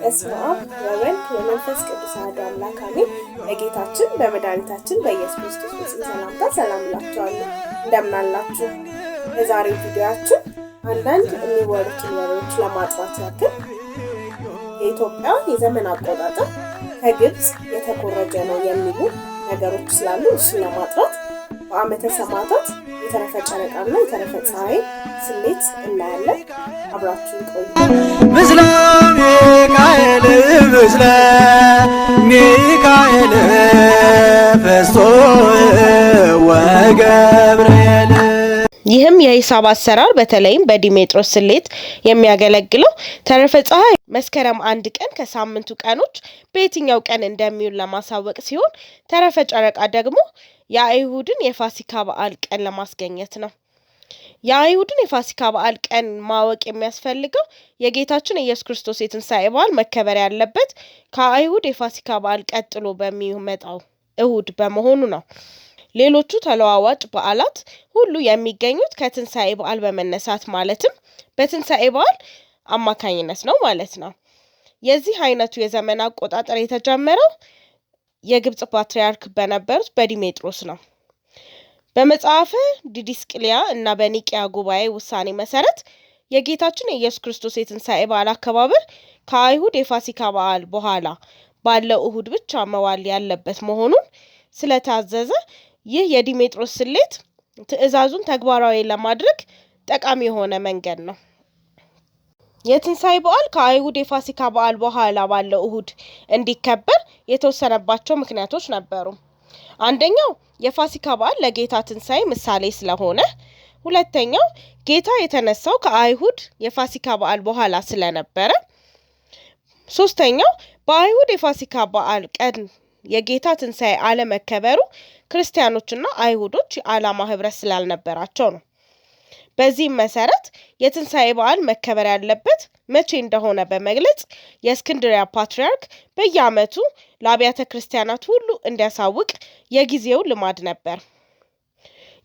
በስመ አብ ወወልድ ወመንፈስ ቅዱስ አሐዱ አምላክ አሜን። በጌታችን በመድኃኒታችን በኢየሱስ ክርስቶስ ስም ሰላምታ ሰላም እላችኋለሁ። እንደምናላችሁ በዛሬው ቪዲዮአችን አንዳንድ የሚወሩትን ወሬዎች ለማጥራት ያክል የኢትዮጵያ የዘመን አቆጣጠር ከግብፅ የተኮረጀ ነው የሚሉ ነገሮች ስላሉ እሱን ለማጥራት በአመተ ሰማዕታት የተረፈ ጨረቃና የተረፈ ፀሐይ ስሜት እናያለን። አብራችሁ ቆዩ። ምስለ ሚካኤል ምስለ ሚካኤል ፈስቶ ወገብርኤል ይህም የሂሳብ አሰራር በተለይም በዲሜጥሮስ ስሌት የሚያገለግለው ተረፈ ፀሐይ መስከረም አንድ ቀን ከሳምንቱ ቀኖች በየትኛው ቀን እንደሚውል ለማሳወቅ ሲሆን ተረፈ ጨረቃ ደግሞ የአይሁድን የፋሲካ በዓል ቀን ለማስገኘት ነው። የአይሁድን የፋሲካ በዓል ቀን ማወቅ የሚያስፈልገው የጌታችን ኢየሱስ ክርስቶስ የትንሣኤ በዓል መከበር ያለበት ከአይሁድ የፋሲካ በዓል ቀጥሎ በሚመጣው እሁድ በመሆኑ ነው። ሌሎቹ ተለዋዋጭ በዓላት ሁሉ የሚገኙት ከትንሳኤ በዓል በመነሳት ማለትም በትንሳኤ በዓል አማካኝነት ነው ማለት ነው። የዚህ አይነቱ የዘመን አቆጣጠር የተጀመረው የግብጽ ፓትርያርክ በነበሩት በዲሜጥሮስ ነው። በመጽሐፈ ዲዲስቅልያ እና በኒቅያ ጉባኤ ውሳኔ መሰረት የጌታችን የኢየሱስ ክርስቶስ የትንሣኤ በዓል አከባበር ከአይሁድ የፋሲካ በዓል በኋላ ባለው እሁድ ብቻ መዋል ያለበት መሆኑን ስለታዘዘ ይህ የዲሜጥሮስ ስሌት ትዕዛዙን ተግባራዊ ለማድረግ ጠቃሚ የሆነ መንገድ ነው። የትንሣኤ በዓል ከአይሁድ የፋሲካ በዓል በኋላ ባለው እሁድ እንዲከበር የተወሰነባቸው ምክንያቶች ነበሩ። አንደኛው የፋሲካ በዓል ለጌታ ትንሣኤ ምሳሌ ስለሆነ፣ ሁለተኛው ጌታ የተነሳው ከአይሁድ የፋሲካ በዓል በኋላ ስለነበረ፣ ሶስተኛው በአይሁድ የፋሲካ በዓል ቀን የጌታ ትንሣኤ አለመከበሩ ክርስቲያኖችና አይሁዶች የዓላማ ህብረት ስላልነበራቸው ነው። በዚህም መሰረት የትንሣኤ በዓል መከበር ያለበት መቼ እንደሆነ በመግለጽ የእስክንድሪያ ፓትርያርክ በየዓመቱ ለአብያተ ክርስቲያናት ሁሉ እንዲያሳውቅ የጊዜው ልማድ ነበር።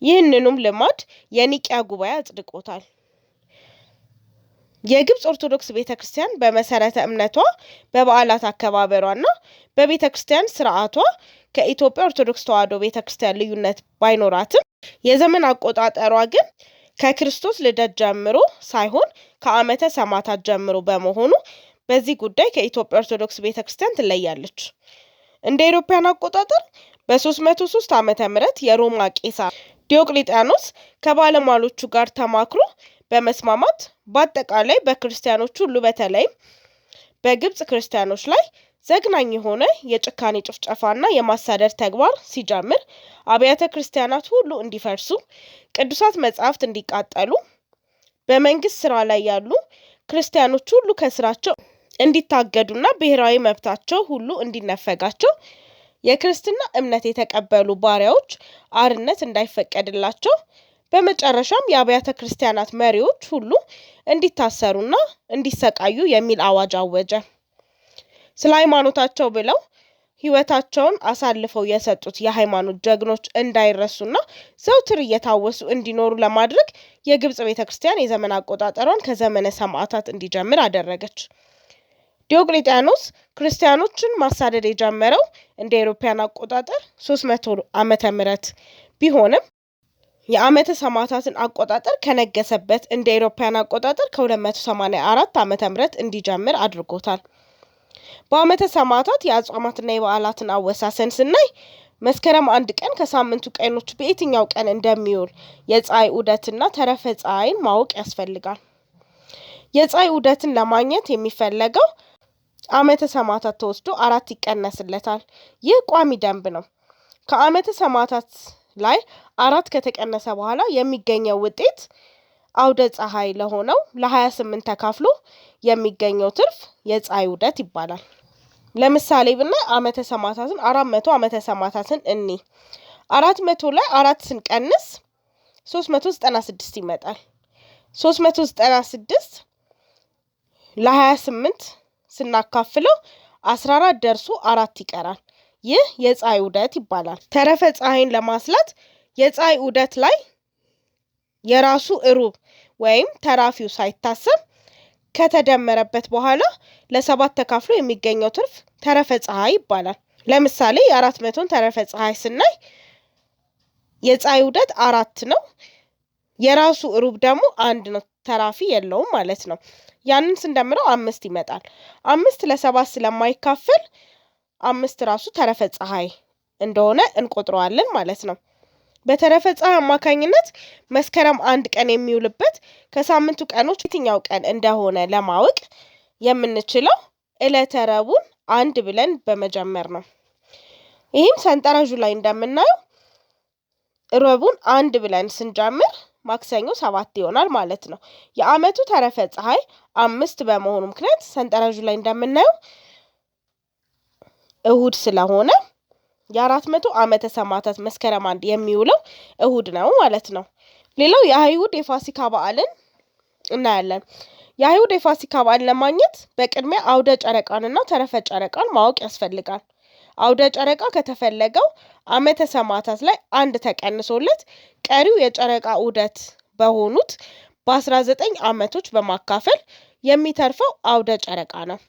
ይህንኑም ልማድ የኒቅያ ጉባኤ አጽድቆታል። የግብፅ ኦርቶዶክስ ቤተ ክርስቲያን በመሰረተ እምነቷ በበዓላት አከባበሯና በቤተ ክርስቲያን ስርዓቷ ከኢትዮጵያ ኦርቶዶክስ ተዋሕዶ ቤተ ክርስቲያን ልዩነት ባይኖራትም የዘመን አቆጣጠሯ ግን ከክርስቶስ ልደት ጀምሮ ሳይሆን ከዓመተ ሰማታት ጀምሮ በመሆኑ በዚህ ጉዳይ ከኢትዮጵያ ኦርቶዶክስ ቤተ ክርስቲያን ትለያለች። እንደ አውሮፓውያን አቆጣጠር በ303 ዓመተ ምህረት የሮማ ቄሳር ዲዮቅሊጣኖስ ከባለሟሎቹ ጋር ተማክሮ በመስማማት በአጠቃላይ በክርስቲያኖች ሁሉ በተለይም በግብፅ ክርስቲያኖች ላይ ዘግናኝ የሆነ የጭካኔ ጭፍጨፋና የማሳደድ ተግባር ሲጀምር አብያተ ክርስቲያናት ሁሉ እንዲፈርሱ፣ ቅዱሳት መጽሐፍት እንዲቃጠሉ፣ በመንግስት ስራ ላይ ያሉ ክርስቲያኖች ሁሉ ከስራቸው እንዲታገዱና ብሔራዊ መብታቸው ሁሉ እንዲነፈጋቸው፣ የክርስትና እምነት የተቀበሉ ባሪያዎች አርነት እንዳይፈቀድላቸው በመጨረሻም የአብያተ ክርስቲያናት መሪዎች ሁሉ እንዲታሰሩና እንዲሰቃዩ የሚል አዋጅ አወጀ። ስለ ሃይማኖታቸው ብለው ሕይወታቸውን አሳልፈው የሰጡት የሃይማኖት ጀግኖች እንዳይረሱና ዘውትር እየታወሱ እንዲኖሩ ለማድረግ የግብጽ ቤተ ክርስቲያን የዘመን አቆጣጠሯን ከዘመነ ሰማዕታት እንዲጀምር አደረገች። ዲዮቅሊጥያኖስ ክርስቲያኖችን ማሳደድ የጀመረው እንደ ኤሮፓያን አቆጣጠር 300 ዓመተ ምህረት ቢሆንም የዓመተ ሰማዕታትን አቆጣጠር ከነገሰበት እንደ ኤሮፓያን አቆጣጠር ከ284 ዓመተ ምህረት እንዲጀምር አድርጎታል። በዓመተ ሰማዕታት የአጽዋማትና የበዓላትን አወሳሰን ስናይ መስከረም አንድ ቀን ከሳምንቱ ቀኖች በየትኛው ቀን እንደሚውል የፀሐይ ዑደትና ተረፈ ፀሐይን ማወቅ ያስፈልጋል። የፀሐይ ዑደትን ለማግኘት የሚፈለገው ዓመተ ሰማዕታት ተወስዶ አራት ይቀነስለታል። ይህ ቋሚ ደንብ ነው። ከዓመተ ሰማዕታት ላይ አራት ከተቀነሰ በኋላ የሚገኘው ውጤት አውደ ፀሐይ ለሆነው ለ28 ተካፍሎ የሚገኘው ትርፍ የፀሐይ ውደት ይባላል። ለምሳሌ ብና አመተ ሰማታትን አራት መቶ አመተ ሰማታትን እኒ አራት መቶ ላይ አራት ስንቀንስ ሶስት መቶ ዘጠና ስድስት ይመጣል። ሶስት መቶ ዘጠና ስድስት ለሀያ ስምንት ስናካፍለው አስራ አራት ደርሶ አራት ይቀራል። ይህ የፀሐይ ውደት ይባላል። ተረፈ ፀሐይን ለማስላት የፀሐይ ዑደት ላይ የራሱ እሩብ ወይም ተራፊው ሳይታሰብ ከተደመረበት በኋላ ለሰባት ተካፍሎ የሚገኘው ትርፍ ተረፈ ፀሐይ ይባላል። ለምሳሌ የአራት መቶን ተረፈ ፀሐይ ስናይ የፀሐይ ዑደት አራት ነው። የራሱ እሩብ ደግሞ አንድ ነው። ተራፊ የለውም ማለት ነው። ያንን ስንደምረው አምስት ይመጣል። አምስት ለሰባት ስለማይካፈል አምስት ራሱ ተረፈ ፀሐይ እንደሆነ እንቆጥረዋለን ማለት ነው። በተረፈ ፀሐይ አማካኝነት መስከረም አንድ ቀን የሚውልበት ከሳምንቱ ቀኖች የትኛው ቀን እንደሆነ ለማወቅ የምንችለው ዕለተ ረቡዕን አንድ ብለን በመጀመር ነው። ይህም ሰንጠረዡ ላይ እንደምናየው ረቡዕን አንድ ብለን ስንጀምር ማክሰኞ ሰባት ይሆናል ማለት ነው። የዓመቱ ተረፈ ፀሐይ አምስት በመሆኑ ምክንያት ሰንጠረዡ ላይ እንደምናየው እሁድ ስለሆነ የአራት መቶ ዓመተ ሰማዕታት መስከረም አንድ የሚውለው እሁድ ነው ማለት ነው። ሌላው የአይሁድ የፋሲካ በዓልን እናያለን። የአይሁድ የፋሲካ በዓል ለማግኘት በቅድሚያ አውደ ጨረቃንና ተረፈ ጨረቃን ማወቅ ያስፈልጋል። አውደ ጨረቃ ከተፈለገው ዓመተ ሰማዕታት ላይ አንድ ተቀንሶለት ቀሪው የጨረቃ ዑደት በሆኑት በአስራ ዘጠኝ ዓመቶች በማካፈል የሚተርፈው አውደ ጨረቃ ነው።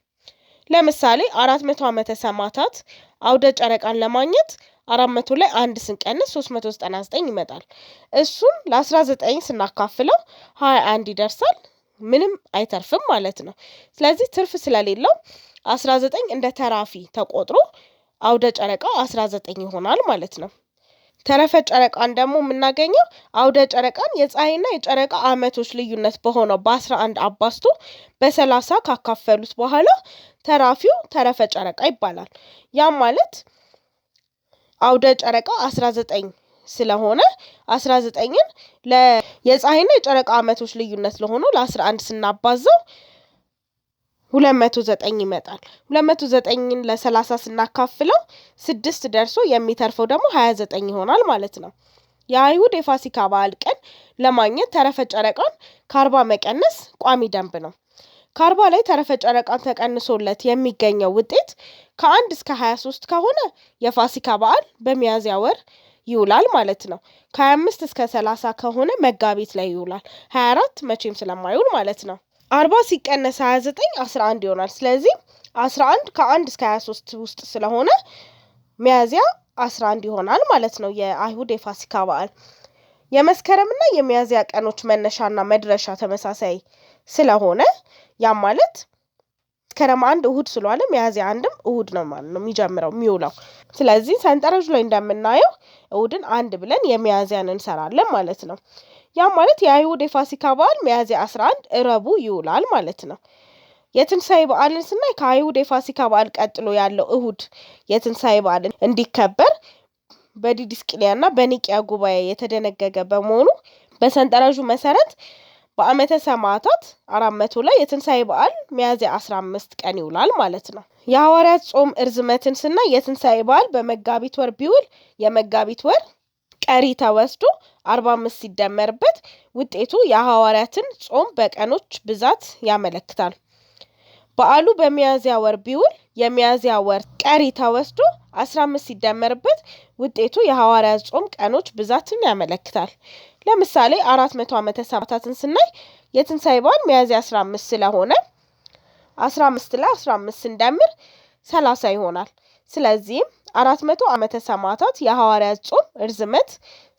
ለምሳሌ አራት መቶ ዓመተ ሰማዕታት አውደ ጨረቃን ለማግኘት አራት መቶ ላይ አንድ ስንቀንስ ሶስት መቶ ዘጠና ዘጠኝ ይመጣል። እሱን ለአስራ ዘጠኝ ስናካፍለው ሀያ አንድ ይደርሳል። ምንም አይተርፍም ማለት ነው። ስለዚህ ትርፍ ስለሌለው አስራ ዘጠኝ እንደ ተራፊ ተቆጥሮ አውደ ጨረቃው አስራ ዘጠኝ ይሆናል ማለት ነው። ተረፈ ጨረቃን ደግሞ የምናገኘው አውደ ጨረቃን የፀሐይና የጨረቃ አመቶች ልዩነት በሆነው በአስራ አንድ አባዝቶ በሰላሳ ካካፈሉት በኋላ ተራፊው ተረፈ ጨረቃ ይባላል። ያም ማለት አውደ ጨረቃ አስራ ዘጠኝ ስለሆነ አስራ ዘጠኝን የፀሐይና የጨረቃ ዓመቶች ልዩነት ለሆነው ለአስራ አንድ ስናባዛው ሁለት መቶ ዘጠኝ ይመጣል። ሁለት መቶ ዘጠኝን ለሰላሳ ስናካፍለው ስድስት ደርሶ የሚተርፈው ደግሞ ሀያ ዘጠኝ ይሆናል ማለት ነው። የአይሁድ የፋሲካ በዓል ቀን ለማግኘት ተረፈ ጨረቃን ከአርባ መቀነስ ቋሚ ደንብ ነው። ከአርባ ላይ ተረፈ ጨረቃን ተቀንሶለት የሚገኘው ውጤት ከአንድ እስከ ሀያ ሶስት ከሆነ የፋሲካ በዓል በሚያዝያ ወር ይውላል ማለት ነው። ከሀያ አምስት እስከ ሰላሳ ከሆነ መጋቢት ላይ ይውላል። ሀያ አራት መቼም ስለማይውል ማለት ነው። አርባ ሲቀነስ ሀያ ዘጠኝ አስራ አንድ ይሆናል። ስለዚህ አስራ አንድ ከአንድ እስከ ሀያ ሶስት ውስጥ ስለሆነ ሚያዝያ አስራ አንድ ይሆናል ማለት ነው የአይሁድ የፋሲካ በዓል። የመስከረምና የሚያዝያ ቀኖች መነሻና መድረሻ ተመሳሳይ ስለሆነ ያም ማለት መስከረም አንድ እሁድ ስለዋለ ሚያዝያ አንድም እሁድ ነው ማለት ነው የሚጀምረው የሚውለው። ስለዚህ ሰንጠረዥ ላይ እንደምናየው እሁድን አንድ ብለን የሚያዝያን እንሰራለን ማለት ነው። ያ ማለት የአይሁድ የፋሲካ በዓል ሚያዝያ 11 እረቡ ይውላል ማለት ነው። የትንሣኤ በዓልን ስናይ ከአይሁድ የፋሲካ በዓል ቀጥሎ ያለው እሁድ የትንሣኤ በዓልን እንዲከበር በዲድስቅልያና በኒቅያ ጉባኤ የተደነገገ በመሆኑ በሰንጠረዡ መሰረት በአመተ ሰማዕታት አራት መቶ ላይ የትንሣኤ በዓል ሚያዝያ 15 ቀን ይውላል ማለት ነው። የሐዋርያት ጾም እርዝመትን ስናይ የትንሣኤ በዓል በመጋቢት ወር ቢውል የመጋቢት ወር ቀሪ ተወስዶ አርባ አምስት ሲደመርበት ውጤቱ የሐዋርያትን ጾም በቀኖች ብዛት ያመለክታል። በዓሉ በሚያዝያ ወር ቢውል የሚያዝያ ወር ቀሪ ተወስዶ አስራ አምስት ሲደመርበት ውጤቱ የሐዋርያት ጾም ቀኖች ብዛትን ያመለክታል። ለምሳሌ አራት መቶ ዓመተ ሰባታትን ስናይ የትንሣኤ በዓል ሚያዝያ አስራ አምስት ስለሆነ አስራ አምስት ላይ አስራ አምስት ስንደምር ሰላሳ ይሆናል። ስለዚህም አራት መቶ ዓመተ ሰማዕታት የሐዋርያት ጾም እርዝመት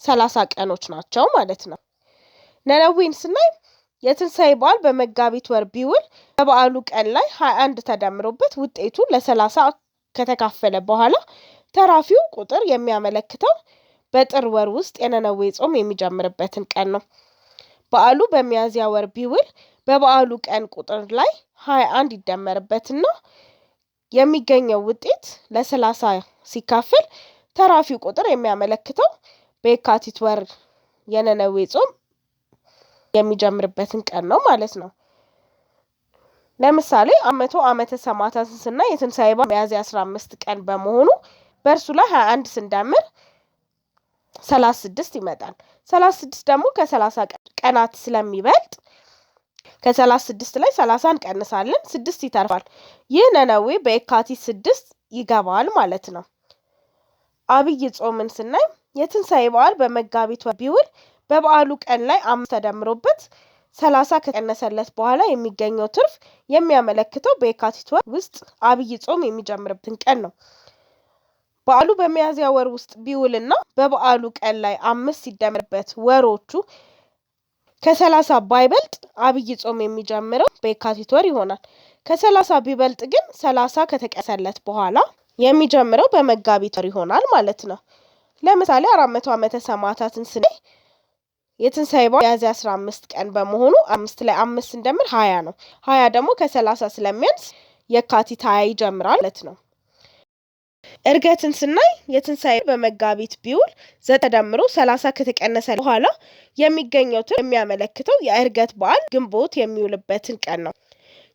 ሰላሳ ቀኖች ናቸው ማለት ነው። ነነዌን ስናይ የትንሣኤ በዓል በመጋቢት ወር ቢውል በበዓሉ ቀን ላይ ሀያ አንድ ተደምሮበት ውጤቱ ለሰላሳ ከተካፈለ በኋላ ተራፊው ቁጥር የሚያመለክተው በጥር ወር ውስጥ የነነዌ ጾም የሚጀምርበትን ቀን ነው። በዓሉ በሚያዝያ ወር ቢውል በበዓሉ ቀን ቁጥር ላይ ሀያ አንድ ይደመርበትና የሚገኘው ውጤት ለሰላሳ ሲካፈል ተራፊው ቁጥር የሚያመለክተው በየካቲት ወር የነነዌ ጾም የሚጀምርበትን ቀን ነው ማለት ነው። ለምሳሌ አመቶ ዓመተ ሰማዕታትን ስናይ የትንሳኤ በዓል ሚያዝያ አስራ አምስት ቀን በመሆኑ በእርሱ ላይ ሀያ አንድ ስንዳምር ሰላሳ ስድስት ይመጣል። ሰላሳ ስድስት ደግሞ ከሰላሳ ቀናት ስለሚበልጥ ከሰላሳ ስድስት ላይ ሰላሳ እንቀንሳለን፣ ስድስት ይተርፋል። ይህ ነነዌ በየካቲት ስድስት ይገባል ማለት ነው። አብይ ጾምን ስናይ የትንሣኤ በዓል በመጋቢት ወር ቢውል በበዓሉ ቀን ላይ አምስት ተደምሮበት ሰላሳ ከቀነሰለት በኋላ የሚገኘው ትርፍ የሚያመለክተው በየካቲት ወር ውስጥ አብይ ጾም የሚጀምርበትን ቀን ነው። በዓሉ በሚያዝያ ወር ውስጥ ቢውልና በበዓሉ ቀን ላይ አምስት ሲደምርበት ወሮቹ ከሰላሳ ባይበልጥ አብይ ጾም የሚጀምረው በየካቲት ወር ይሆናል። ከሰላሳ ቢበልጥ ግን ሰላሳ ከተቀሰለት በኋላ የሚጀምረው በመጋቢት ወር ይሆናል ማለት ነው። ለምሳሌ አራት መቶ ዓመተ ሰማዕታትን ስ የትንሣኤ በዓል ሚያዝያ አስራ አምስት ቀን በመሆኑ አምስት ላይ አምስት ስንደምር ሀያ ነው። ሀያ ደግሞ ከሰላሳ ስለሚያንስ የካቲት ሀያ ይጀምራል ማለት ነው። እርገትን ስናይ የትንሣኤ በመጋቢት ቢውል ዘተደምሮ ሰላሳ ከተቀነሰ በኋላ የሚገኘውትን የሚያመለክተው የእርገት በዓል ግንቦት የሚውልበትን ቀን ነው።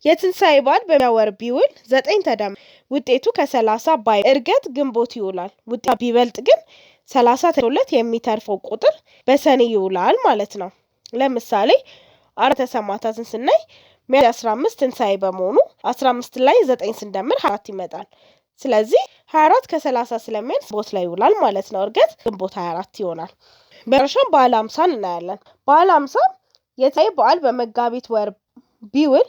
የትንሣኤ በዓል በሚያወር ቢውል ዘጠኝ ተደም ውጤቱ ከሰላሳ ባይ እርገት ግንቦት ይውላል። ውጤቱ ቢበልጥ ግን ሰላሳ ሁለት የሚተርፈው ቁጥር በሰኔ ይውላል ማለት ነው። ለምሳሌ አራተ ሰማዕታትን ስናይ ሚያዝያ አስራ አምስት ትንሣኤ በመሆኑ አስራ አምስት ላይ ዘጠኝ ስንደምር አራት ይመጣል። ስለዚህ 24 ከ30 ስለሚያንስ ቦት ላይ ይውላል ማለት ነው። እርገት ግንቦት 24 ይሆናል። በመጨረሻም በዓለ ሃምሳን እናያለን። በዓለ ሃምሳ የታይ በዓል በመጋቢት ወር ቢውል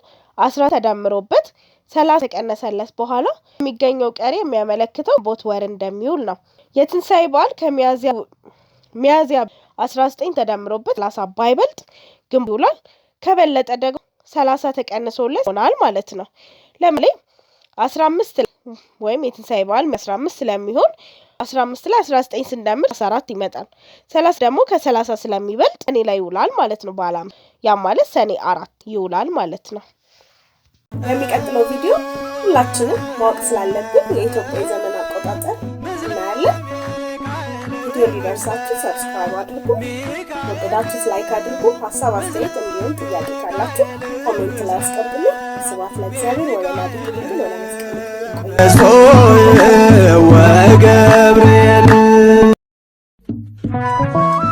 አስራ ተደምሮበት ሰላሳ ተቀነሰለት በኋላ የሚገኘው ቀሪ የሚያመለክተው ቦት ወር እንደሚውል ነው። የትንሣኤ በዓል ከሚያዚያ አስራ ዘጠኝ ተደምሮበት ሰላሳ ባይበልጥ ግንቦት ይውላል። ከበለጠ ደግሞ ሰላሳ ተቀንሶለት ይሆናል ማለት ነው። ለምሳሌ አስራ አምስት ወይም የትንሳኤ በዓል አስራ አምስት ስለሚሆን አስራ አምስት ላይ አስራ ዘጠኝ ስንደምር አስራ አራት ይመጣል። ሰላሳ ደግሞ ከሰላሳ ስለሚበልጥ ሰኔ ላይ ይውላል ማለት ነው። በዓለ ያ ማለት ሰኔ አራት ይውላል ማለት ነው። በሚቀጥለው ቪዲዮ ሁላችንም ማወቅ ስላለብን የኢትዮጵያ ዘመን አቆጣጠር እናያለን። ቪዲዮ ሊደርሳችሁ ሰብስክራይብ አድርጉ፣ ወደዳችሁት ላይክ አድርጉ። ሀሳብ አስተያየት፣ እንዲሁም ጥያቄ ካላችሁ ኮሜንት ላይ አስቀምጡልኝ። ስብሐት ለእግዚአብሔር ወለወላዲቱ ድንግል ወለመስቀሉ ወገብርኤል